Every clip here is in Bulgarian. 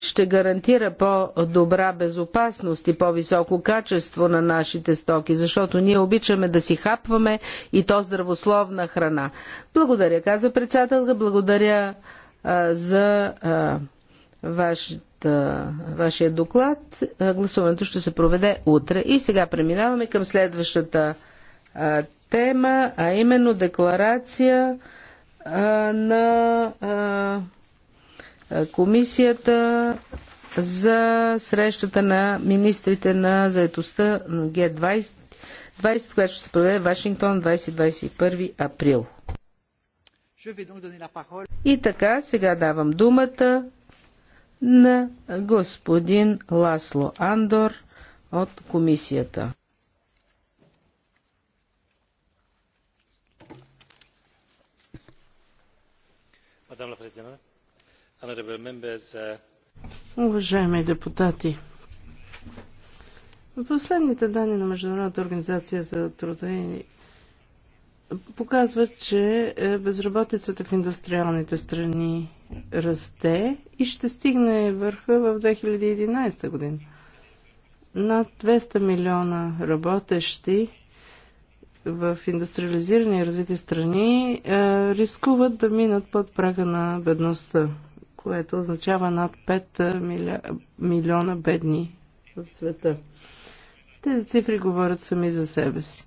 ще гарантира по-добра безопасност и по-високо качество на нашите стоки, защото ние обичаме да си хапваме и то здравословна храна. Благодаря, каза председателка, благодаря а, за а, вашата, вашия доклад. гласуването ще се проведе утре. И сега преминаваме към следващата а, тема, а именно декларация а, на. А, комисията за срещата на министрите на заедостта на Г20, 20, която ще се проведе в Вашингтон 20-21 април. И така, сега давам думата на господин Ласло Андор от комисията. Мадам la Présidente, Uh, Уважаеми депутати, последните данни на Международната организация за труда показват, че е, безработицата в индустриалните страни расте и ще стигне върха в 2011 година. Над 200 милиона работещи в индустриализирани и развити страни е, рискуват да минат под прага на бедността което означава над 5 милиона бедни в света. Тези цифри говорят сами за себе си.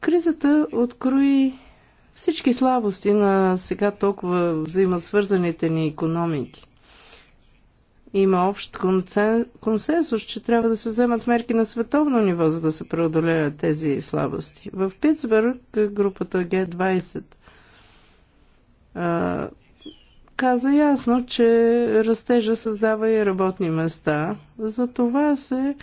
Кризата открои всички слабости на сега толкова взаимосвързаните ни економики. Има общ консенсус, че трябва да се вземат мерки на световно ниво, за да се преодолеят тези слабости. В Питсбърг групата Г20 каза ясно, че растежа създава и работни места. За това се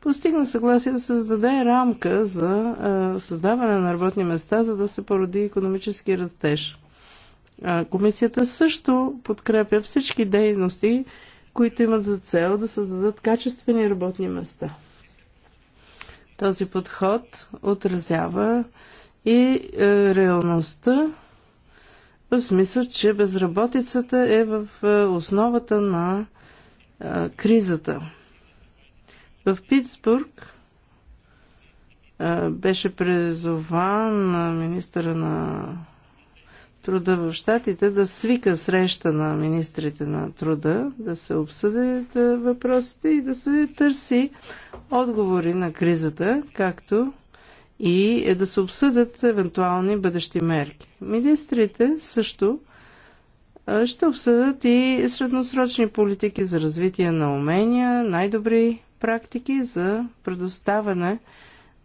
постигна съгласие да създаде рамка за а, създаване на работни места, за да се породи економически растеж. А, комисията също подкрепя всички дейности, които имат за цел да създадат качествени работни места. Този подход отразява и е, реалността в смисъл, че безработицата е в е, основата на а, е, кризата. В Питсбург а, е, беше призован на министъра на труда в щатите да свика среща на министрите на труда, да се обсъдят въпросите и да се търси отговори на кризата, както и е да се обсъдят евентуални бъдещи мерки. Министрите също ще обсъдят и средносрочни политики за развитие на умения, най-добри практики за предоставяне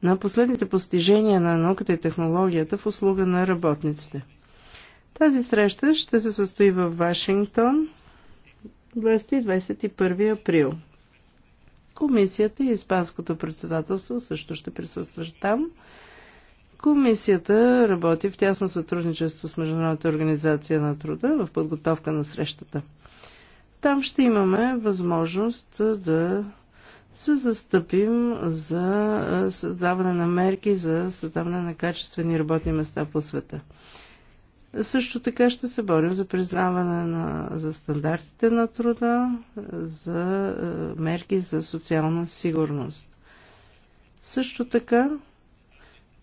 на последните постижения на науката и технологията в услуга на работниците. Тази среща ще се състои в Вашингтон 20-21 април. Комисията и Испанското председателство също ще присъстват там. Комисията работи в тясно сътрудничество с Международната организация на труда в подготовка на срещата. Там ще имаме възможност да се застъпим за създаване на мерки за създаване на качествени работни места по света. Също така ще се борим за признаване на, за стандартите на труда, за е, мерки за социална сигурност. Също така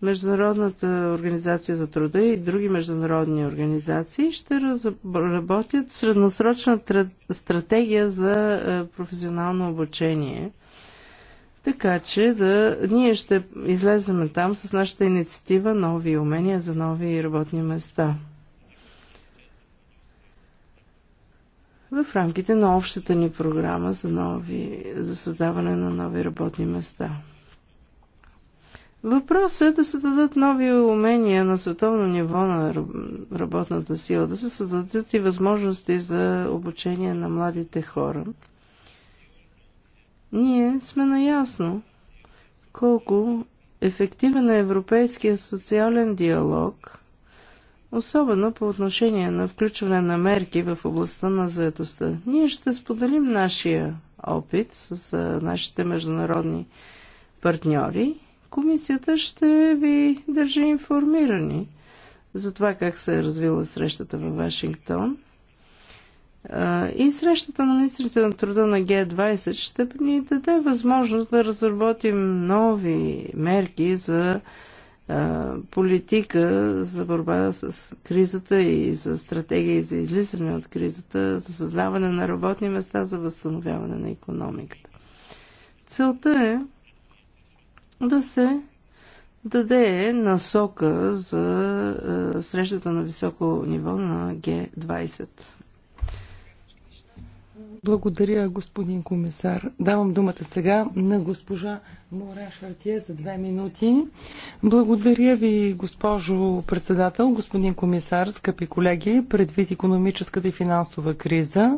Международната организация за труда и други международни организации ще работят средносрочна стратегия за е, професионално обучение. Така че да, ние ще излеземе там с нашата инициатива нови умения за нови работни места. в рамките на общата ни програма за, нови, за създаване на нови работни места. Въпросът е да се дадат нови умения на световно ниво на работната сила, да се създадат и възможности за обучение на младите хора. Ние сме наясно колко ефективен е европейския социален диалог – особено по отношение на включване на мерки в областта на заедостта. Ние ще споделим нашия опит с нашите международни партньори. Комисията ще ви държи информирани за това как се е развила срещата във Вашингтон. И срещата на министрите на труда на Г20 ще ни даде възможност да разработим нови мерки за политика за борба с кризата и за стратегия за излизане от кризата, за създаване на работни места, за възстановяване на економиката. Целта е да се даде насока за срещата на високо ниво на Г20. Благодаря, господин комисар. Давам думата сега на госпожа Мора Шартие за две минути. Благодаря ви, госпожо председател, господин комисар, скъпи колеги, предвид економическата и финансова криза.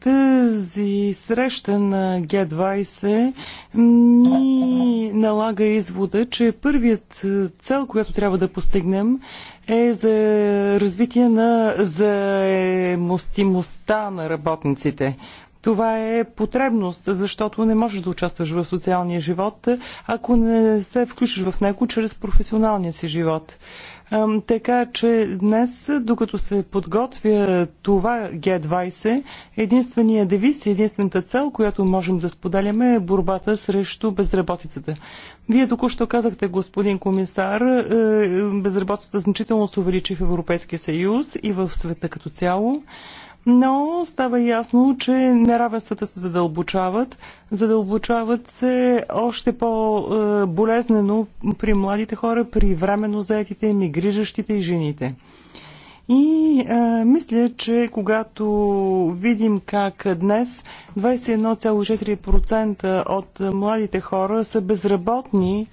Тази среща на Г-20 ни налага извода, че първият цел, която трябва да постигнем е за развитие на заемостимостта на работниците. Това е потребност, защото не можеш да участваш в социалния живот, ако не се включиш в него чрез професионалния си живот. Така че днес, докато се подготвя това g 20 единствения девиз и единствената цел, която можем да споделяме е борбата срещу безработицата. Вие току-що казахте, господин комисар, е, безработицата значително се увеличи в Европейския съюз и в света като цяло но става ясно, че неравенствата се задълбочават. Задълбочават се още по-болезнено при младите хора, при временно заетите, мигриращите и жените. И а, мисля, че когато видим как днес 21,4% от младите хора са безработни,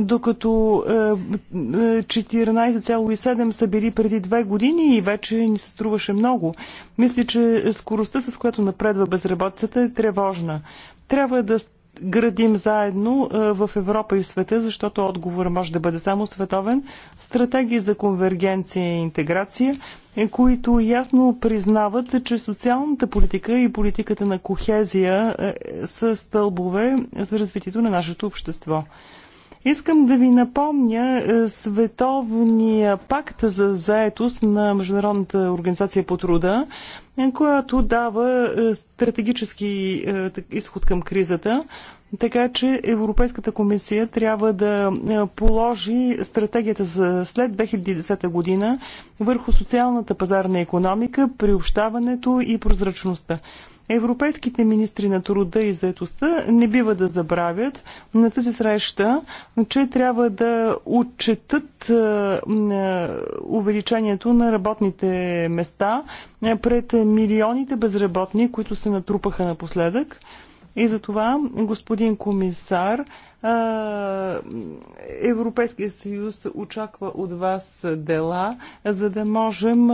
докато 14,7 е, е, са били преди две години и вече ни се струваше много. Мисля, че скоростта, с която напредва безработицата, е тревожна. Трябва да градим заедно е, в Европа и в света, защото отговор може да бъде само световен. Стратегии за конвергенция и интеграция, които ясно признават, че социалната политика и политиката на кохезия са стълбове за развитието на нашето общество. Искам да ви напомня е, световния пакт за заетост на Международната организация по труда, е, която дава е, стратегически изход към кризата. Така че Европейската комисия трябва да положи стратегията за след 2010 година върху социалната пазарна економика, приобщаването и прозрачността. Европейските министри на труда и заетостта не бива да забравят на тази среща, че трябва да отчетат е, е, увеличението на работните места е, пред милионите безработни, които се натрупаха напоследък. И за това, господин комисар, Европейския съюз очаква от вас дела, за да можем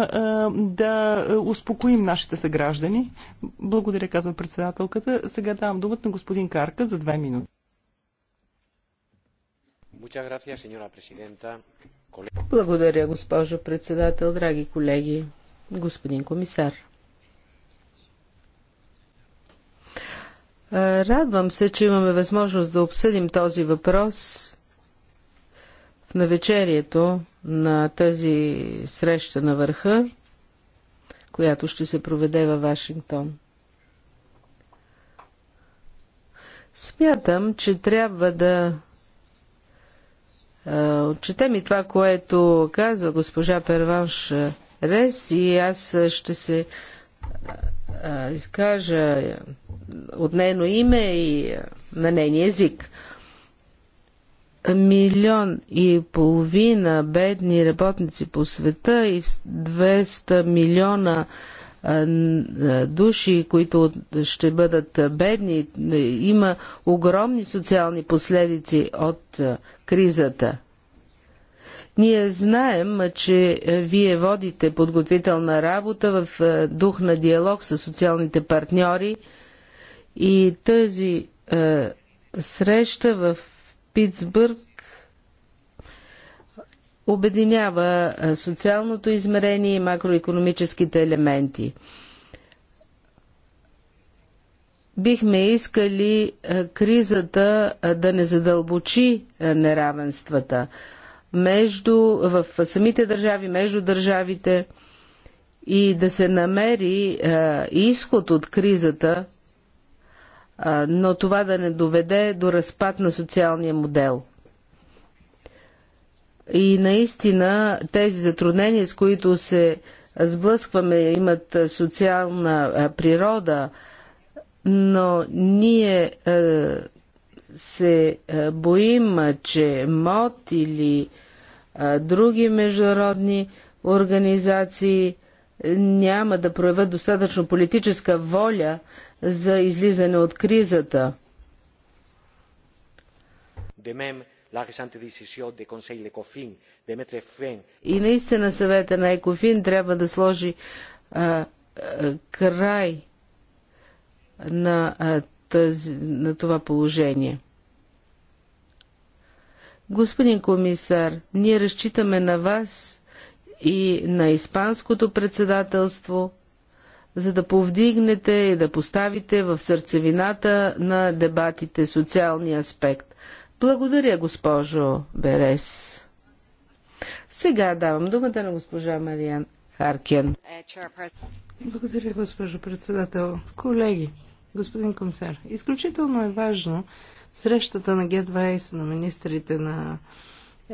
да успокоим нашите съграждани. Благодаря, казва председателката. Сега давам думата на господин Карка за две минути. Благодаря, госпожо председател, драги колеги, господин комисар. Е, радвам се, че имаме възможност да обсъдим този въпрос в навечерието на тази среща на върха, която ще се проведе във Вашингтон. Смятам, че трябва да е, отчетем и това, което казва госпожа Перванш Рес и аз ще се изкажа от нейно име и на нейния език. Милион и половина бедни работници по света и 200 милиона души, които ще бъдат бедни. Има огромни социални последици от кризата. Ние знаем, че е, вие водите подготвителна работа в е, дух на диалог с социалните партньори и тази е, среща в Питсбърг обединява е, социалното измерение и макроекономическите елементи. Бихме искали кризата да не задълбочи неравенствата между, в самите държави, между държавите и да се намери е, изход от кризата, е, но това да не доведе до разпад на социалния модел. И наистина тези затруднения, с които се сблъскваме, имат социална е, природа, но ние е, се е, боим, че МОД или е, други международни организации е, няма да проявят достатъчно политическа воля за излизане от кризата. И наистина съвета на Екофин трябва да сложи а, а, край на а, тази, на това положение. Господин комисар, ние разчитаме на вас и на Испанското председателство, за да повдигнете и да поставите в сърцевината на дебатите социалния аспект. Благодаря, госпожо Берес. Сега давам думата на госпожа Мариан Харкен. Благодаря, госпожо председател. Колеги, Господин комисар, изключително е важно срещата на Г20 на министрите на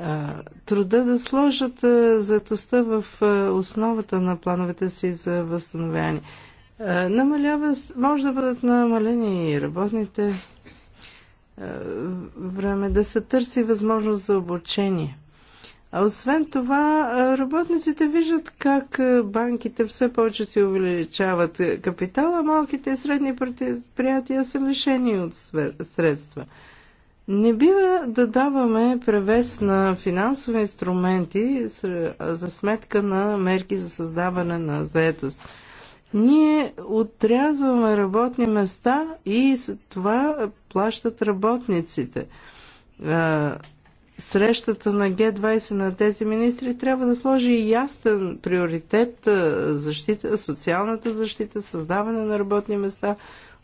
а, труда да сложат а, заетостта в а, основата на плановете си за възстановяване. А, намалява, може да бъдат намалени и работните а, време, да се търси възможност за обучение. А освен това, работниците виждат как банките все повече си увеличават капитала, а малките и средни предприятия са лишени от средства. Не бива да даваме превес на финансови инструменти за сметка на мерки за създаване на заетост. Ние отрязваме работни места и това плащат работниците срещата на Г20 на тези министри трябва да сложи ясен приоритет защита, социалната защита, създаване на работни места,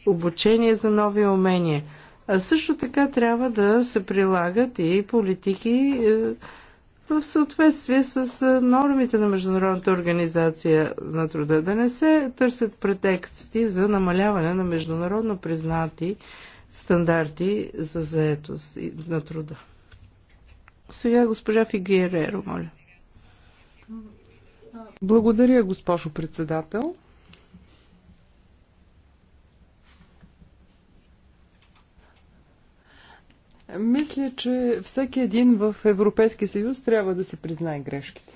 обучение за нови умения. А също така трябва да се прилагат и политики в съответствие с нормите на Международната организация на труда. Да не се търсят претексти за намаляване на международно признати стандарти за заетост на труда. Сега госпожа Фигиереро, моля. Благодаря, госпожо председател. Мисля, че всеки един в Европейския съюз трябва да се признае грешките.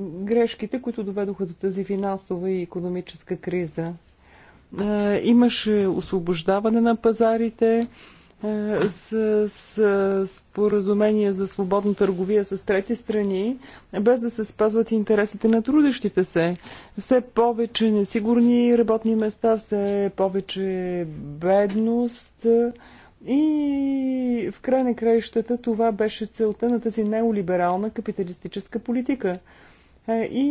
Грешките, които доведоха до тази финансова и економическа криза. Е, имаше освобождаване на пазарите, е, с, с споразумение за свободна търговия с трети страни, без да се спазват интересите на трудещите се. Все повече несигурни работни места, все повече бедност. И в край на краищата това беше целта на тази неолиберална капиталистическа политика – и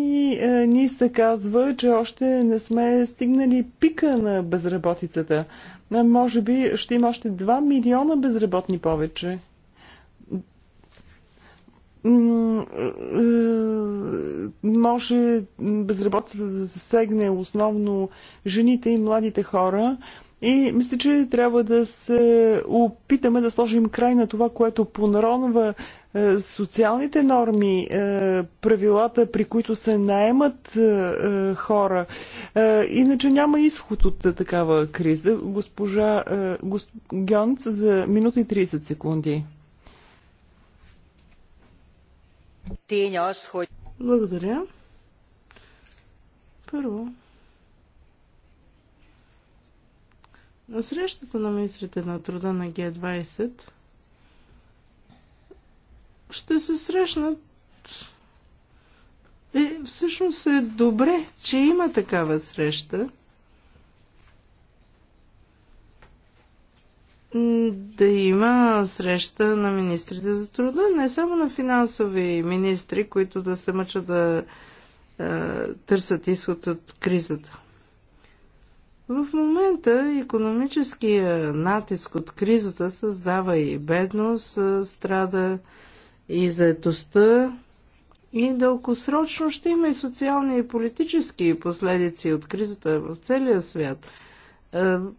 ни се казва, че още не сме стигнали пика на безработицата. Може би ще има още 2 милиона безработни повече. Може безработицата да засегне основно жените и младите хора, и мисля, че трябва да се опитаме да сложим край на това, което понаронва е, социалните норми, е, правилата, при които се наемат е, хора. Иначе няма изход от такава криза. Госпожа Гьонц за минута и 30 секунди. Благодаря. Първо, На срещата на министрите на труда на Г20 ще се срещнат е, всъщност е добре, че има такава среща. Да има среща на министрите за труда, не само на финансови министри, които да се мъчат да е, търсят изход от кризата. В момента економическия натиск от кризата създава и бедност, страда и заетостта, и дългосрочно ще има и социални и политически последици от кризата в целия свят.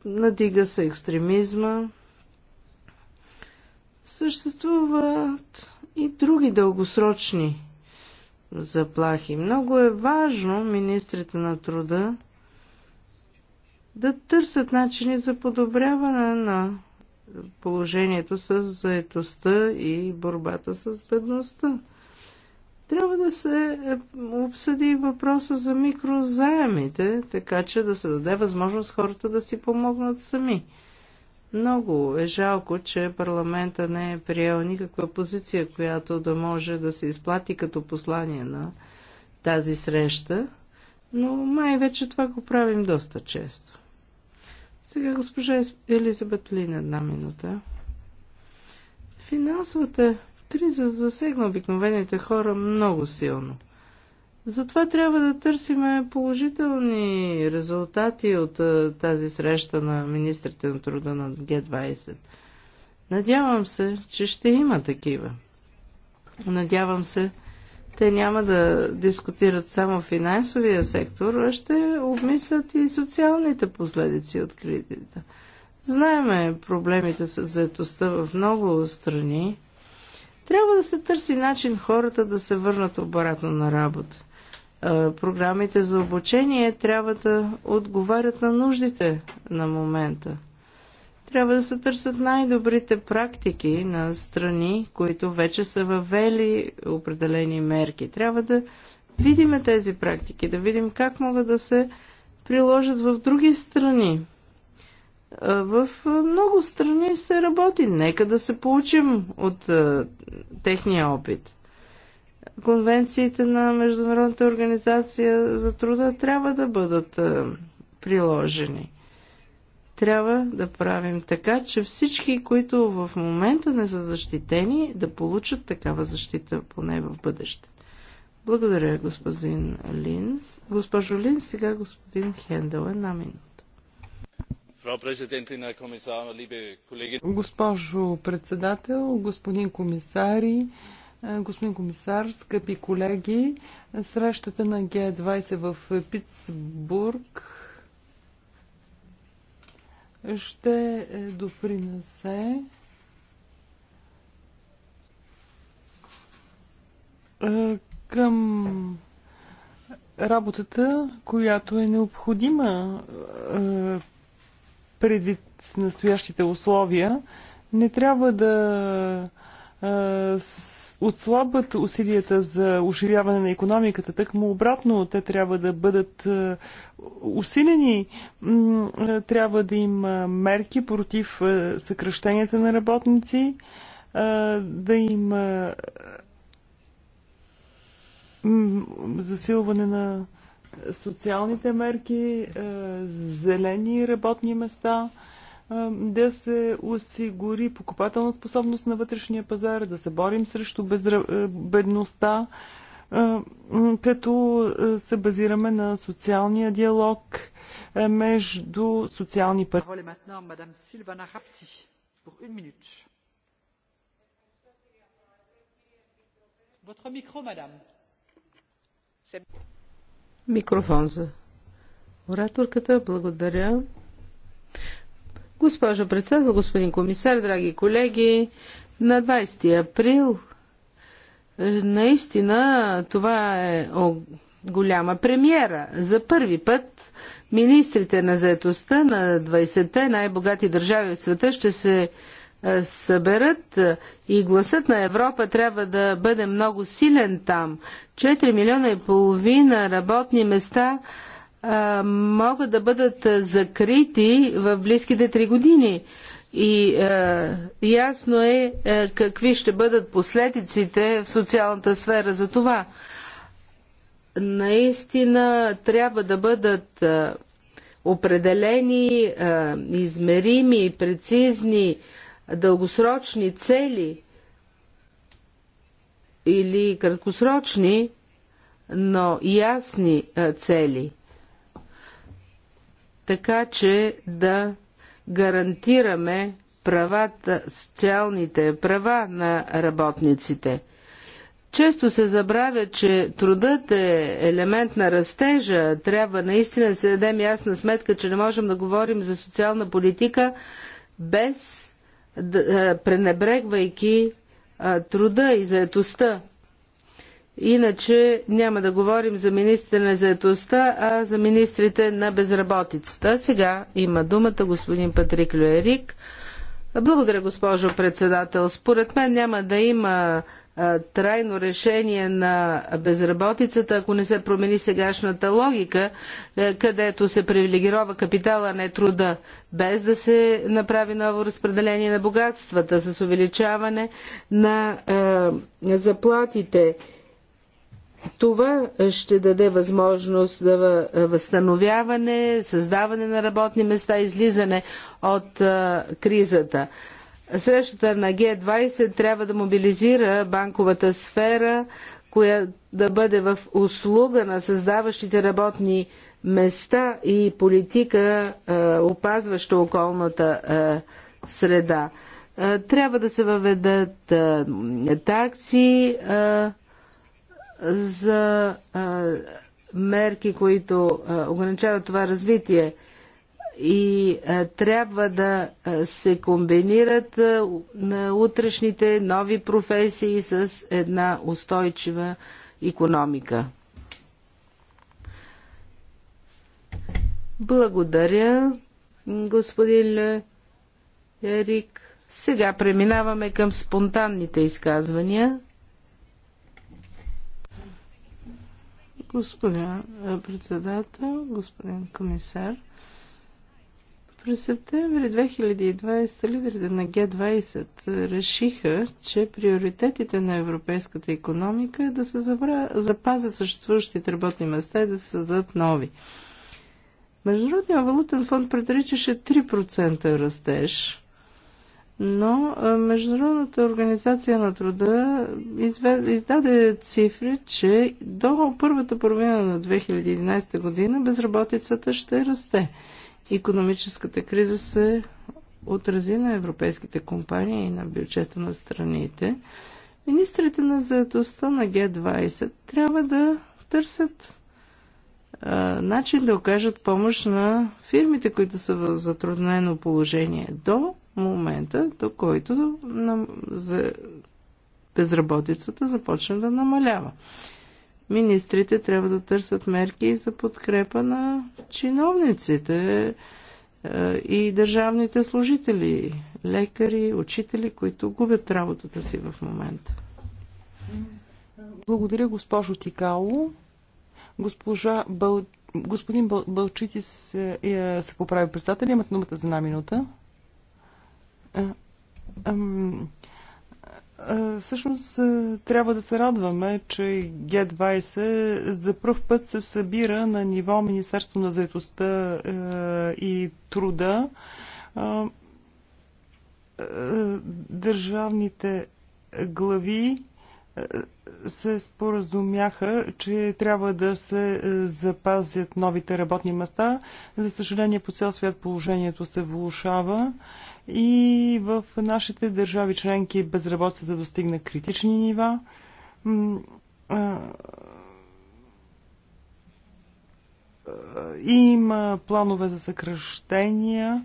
Надига се екстремизма. Съществуват и други дългосрочни заплахи. Много е важно министрите на труда да търсят начини за подобряване на положението с заетостта и борбата с бедността. Трябва да се е, обсъди въпроса за микрозаемите, така че да се даде възможност хората да си помогнат сами. Много е жалко, че парламента не е приел никаква позиция, която да може да се изплати като послание на тази среща, но май вече това го правим доста често. Сега госпожа Елизабет Лин, една минута. Финансовата криза засегна обикновените хора много силно. Затова трябва да търсим положителни резултати от тази среща на министрите на труда на Г-20. Надявам се, че ще има такива. Надявам се, те няма да дискутират само финансовия сектор, а ще обмислят и социалните последици от кризата. Знаеме проблемите с заетостта в много страни. Трябва да се търси начин хората да се върнат обратно на работа. Програмите за обучение трябва да отговарят на нуждите на момента. Трябва да се търсят най-добрите практики на страни, които вече са въвели определени мерки. Трябва да видим тези практики, да видим как могат да се приложат в други страни. В много страни се работи. Нека да се получим от техния опит. Конвенциите на Международната организация за труда трябва да бъдат приложени трябва да правим така, че всички, които в момента не са защитени, да получат такава защита поне в бъдеще. Благодаря, господин Линс. Госпожо Линс, сега господин Хендел, една минута. Госпожо председател, господин комисари, е, господин комисар, скъпи колеги, срещата на Г20 в Питсбург ще е, допринесе е, към работата, която е необходима е, предвид настоящите условия. Не трябва да отслабват усилията за оживяване на економиката. Так му обратно, те трябва да бъдат усилени. Трябва да има мерки против съкръщенията на работници, да има засилване на социалните мерки, зелени работни места – да се осигури покупателна способност на вътрешния пазар, да се борим срещу безра... бедността, като се базираме на социалния диалог между социални партньори. Микрофон за ораторката. Благодаря. Госпожо председател, господин комисар, драги колеги, на 20 април е, наистина това е о, голяма премиера. За първи път министрите на заетостта на 20-те най-богати държави в света ще се е, съберат е, и гласът на Европа трябва да бъде много силен там. 4 милиона и половина работни места – могат да бъдат закрити в близките три години. И е, ясно е е какви ще бъдат последиците в социалната сфера за това. Наистина трябва да бъдат е, определени, е, измерими, прецизни, дългосрочни цели или краткосрочни, но ясни цели така че да гарантираме правата, социалните права на работниците. Често се забравя, че трудът е елемент на растежа. Трябва наистина да се дадем ясна сметка, че не можем да говорим за социална политика без пренебрегвайки труда и заетостта. Иначе няма да говорим за министрите на заедостта, а за министрите на безработицата. Сега има думата господин Патрик Люерик. Благодаря, госпожо председател. Според мен няма да има трайно решение на безработицата, ако не се промени сегашната логика, е, където се привилегирова капитала, а не труда, без да се направи ново разпределение на богатствата, с увеличаване на е, заплатите това ще даде възможност за възстановяване, създаване на работни места, излизане от а, кризата. Срещата на Г20 трябва да мобилизира банковата сфера, която да бъде в услуга на създаващите работни места и политика, а, опазваща околната а, среда. Трябва да се въведат такси, за мерки, които ограничават това развитие и трябва да се комбинират на утрешните нови професии с една устойчива економика. Благодаря, господин Ерик. Сега преминаваме към спонтанните изказвания. Господин е, председател, господин комисар, през септември 2020 лидерите на Г-20 е, решиха, че приоритетите на европейската економика е да се забра... запазят съществуващите работни места и да се създадат нови. Международният валутен фонд предричаше 3% растеж но Международната организация на труда издаде цифри, че до първата половина на 2011 година безработицата ще расте. Економическата криза се отрази на европейските компании и на бюджета на страните. Министрите на заедостта на Г-20 трябва да търсят а, начин да окажат помощ на фирмите, които са в затруднено положение. До момента, до който за безработицата започне да намалява. Министрите трябва да търсят мерки за подкрепа на чиновниците е, и държавните служители, лекари, учители, които губят работата си в момента. Благодаря, госпожо Тикало. Госпожа Бъл... Господин Бъл... Бълчити се, е, се поправи председателя. Имат думата за една минута. Всъщност трябва да се радваме, че Г20 за първ път се събира на ниво Министерство на заедостта и труда. Държавните глави се споразумяха, че трябва да се запазят новите работни места. За съжаление, по цял свят положението се влушава и в нашите държави членки безработицата достигна критични нива. Има планове за съкръщения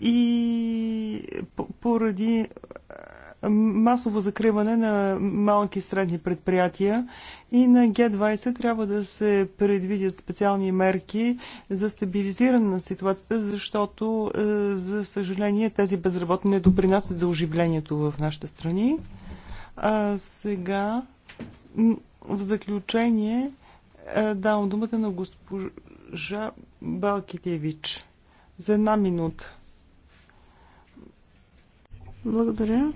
и поради масово закриване на малки и средни предприятия и на Г20 трябва да се предвидят специални мерки за стабилизиране на ситуацията, защото, е, за съжаление, тези безработни не допринасят за оживлението в нашите страни. А сега, в заключение, е, давам думата на госпожа Балкитевич за една минута. Благодаря.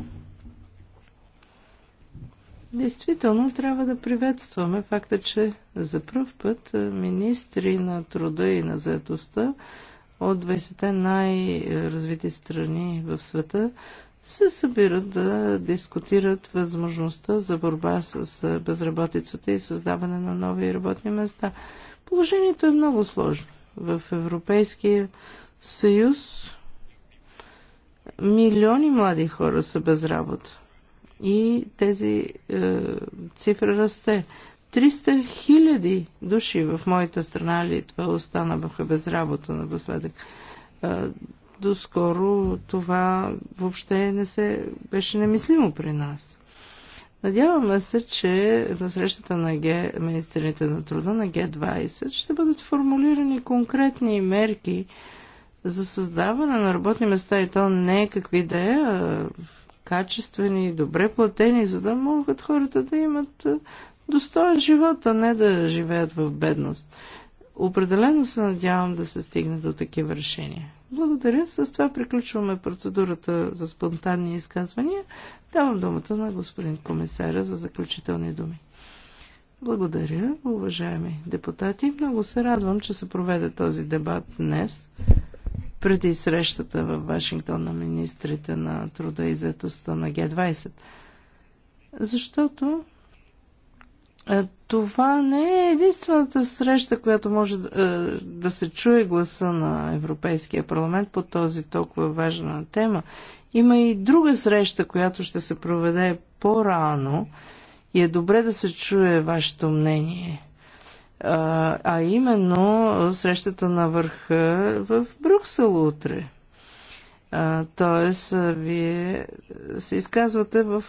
Действително трябва да приветстваме факта, че за първ път министри на труда и на заедостта от 20-те най-развити страни в света се събират да дискутират възможността за борба с безработицата и създаване на нови работни места. Положението е много сложно. В Европейския съюз милиони млади хора са без работа и тези е, цифри расте. 300 хиляди души в моята страна Литва останаха без работа на последък. Е, доскоро това въобще не се беше немислимо при нас. Надяваме се, че на срещата на Г, министрите на труда на Г20 ще бъдат формулирани конкретни мерки за създаване на работни места и то не какви да е, качествени, и добре платени, за да могат хората да имат достоен живот, а не да живеят в бедност. Определено се надявам да се стигне до такива решения. Благодаря. С това приключваме процедурата за спонтанни изказвания. Давам думата на господин комисаря за заключителни думи. Благодаря, уважаеми депутати. Много се радвам, че се проведе този дебат днес преди срещата в Вашингтон на министрите на труда и заетостта на Г-20. Защото е, това не е единствената среща, която може да, е, да се чуе гласа на Европейския парламент по този толкова важна тема. Има и друга среща, която ще се проведе по-рано и е добре да се чуе вашето мнение а именно срещата на върха в Брюксел утре. Тоест, вие се изказвате в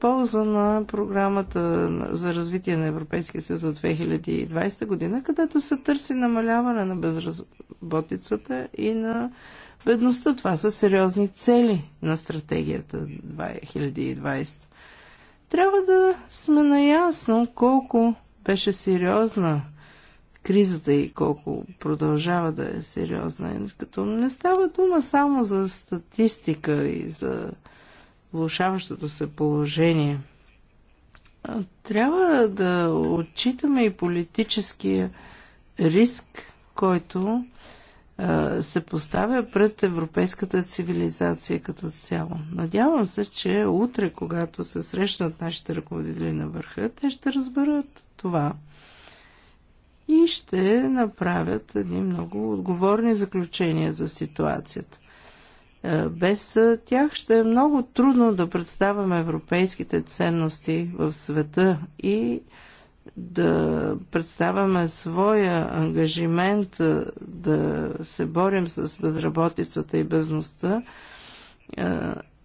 полза на програмата за развитие на Европейския съюз от 2020 година, където се търси намаляване на безработицата и на бедността. Това са сериозни цели на стратегията 2020. Трябва да сме наясно колко беше сериозна кризата и колко продължава да е сериозна. Като не става дума само за статистика и за влушаващото се положение. Трябва да отчитаме и политическия риск, който се поставя пред европейската цивилизация като цяло. Надявам се, че утре, когато се срещнат нашите ръководители на върха, те ще разберат това и ще направят едни много отговорни заключения за ситуацията. Без тях ще е много трудно да представяме европейските ценности в света и да представяме своя ангажимент да се борим с безработицата и безността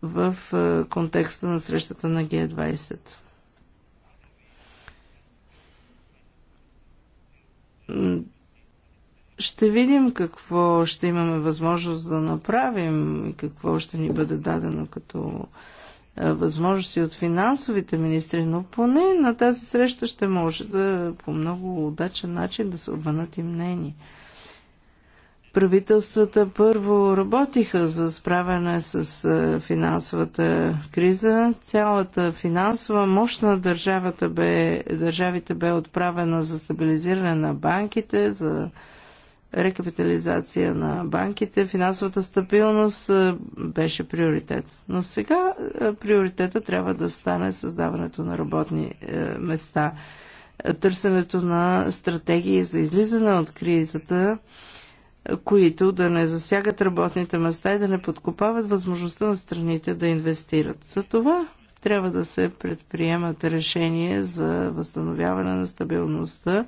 в контекста на срещата на Г-20. Ще видим какво ще имаме възможност да направим и какво ще ни бъде дадено като възможности от финансовите министри, но поне на тази среща ще може да по много удачен начин да се обманат и мнение. Правителствата първо работиха за справяне с финансовата криза. Цялата финансова мощ на държавата бе, държавите бе отправена за стабилизиране на банките, за рекапитализация на банките, финансовата стабилност е, беше приоритет. Но сега е, приоритета трябва да стане създаването на работни е, места, търсенето на стратегии за излизане от кризата, които да не засягат работните места и да не подкопават възможността на страните да инвестират. За това трябва да се предприемат решения за възстановяване на стабилността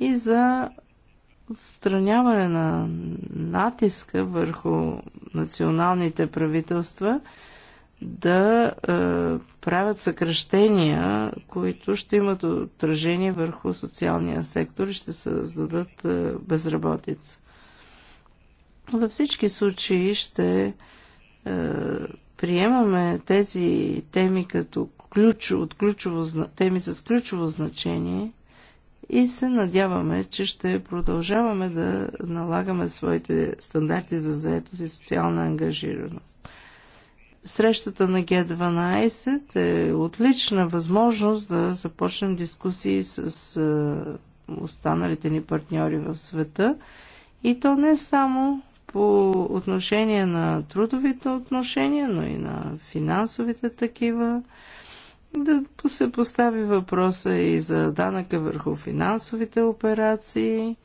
и за отстраняване на натиска върху националните правителства да е, правят съкръщения, които ще имат отражение върху социалния сектор и ще създадат е, безработица. Във всички случаи ще е, приемаме тези теми като ключ, от ключово, теми с ключово значение – и се надяваме, че ще продължаваме да налагаме своите стандарти за заетост и социална ангажираност. Срещата на Г12 е отлична възможност да започнем дискусии с останалите ни партньори в света и то не само по отношение на трудовите отношения, но и на финансовите такива да се постави въпроса и за данъка върху финансовите операции,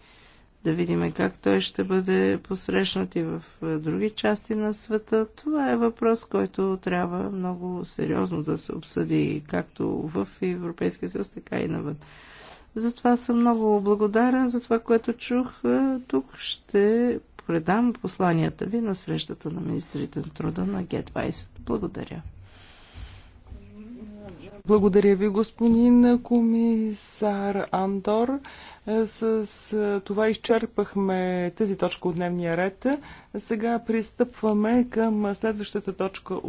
да видим как той ще бъде посрещнат и в е, други части на света. Това е въпрос, който трябва много сериозно да се обсъди както в Европейския съюз, така и навън. Затова съм много благодарен за това, което чух. Е, тук ще предам посланията ви на срещата на министрите на труда на Г20. Благодаря. Благодаря ви, господин комисар Андор. С това изчерпахме тази точка от дневния ред. Сега пристъпваме към следващата точка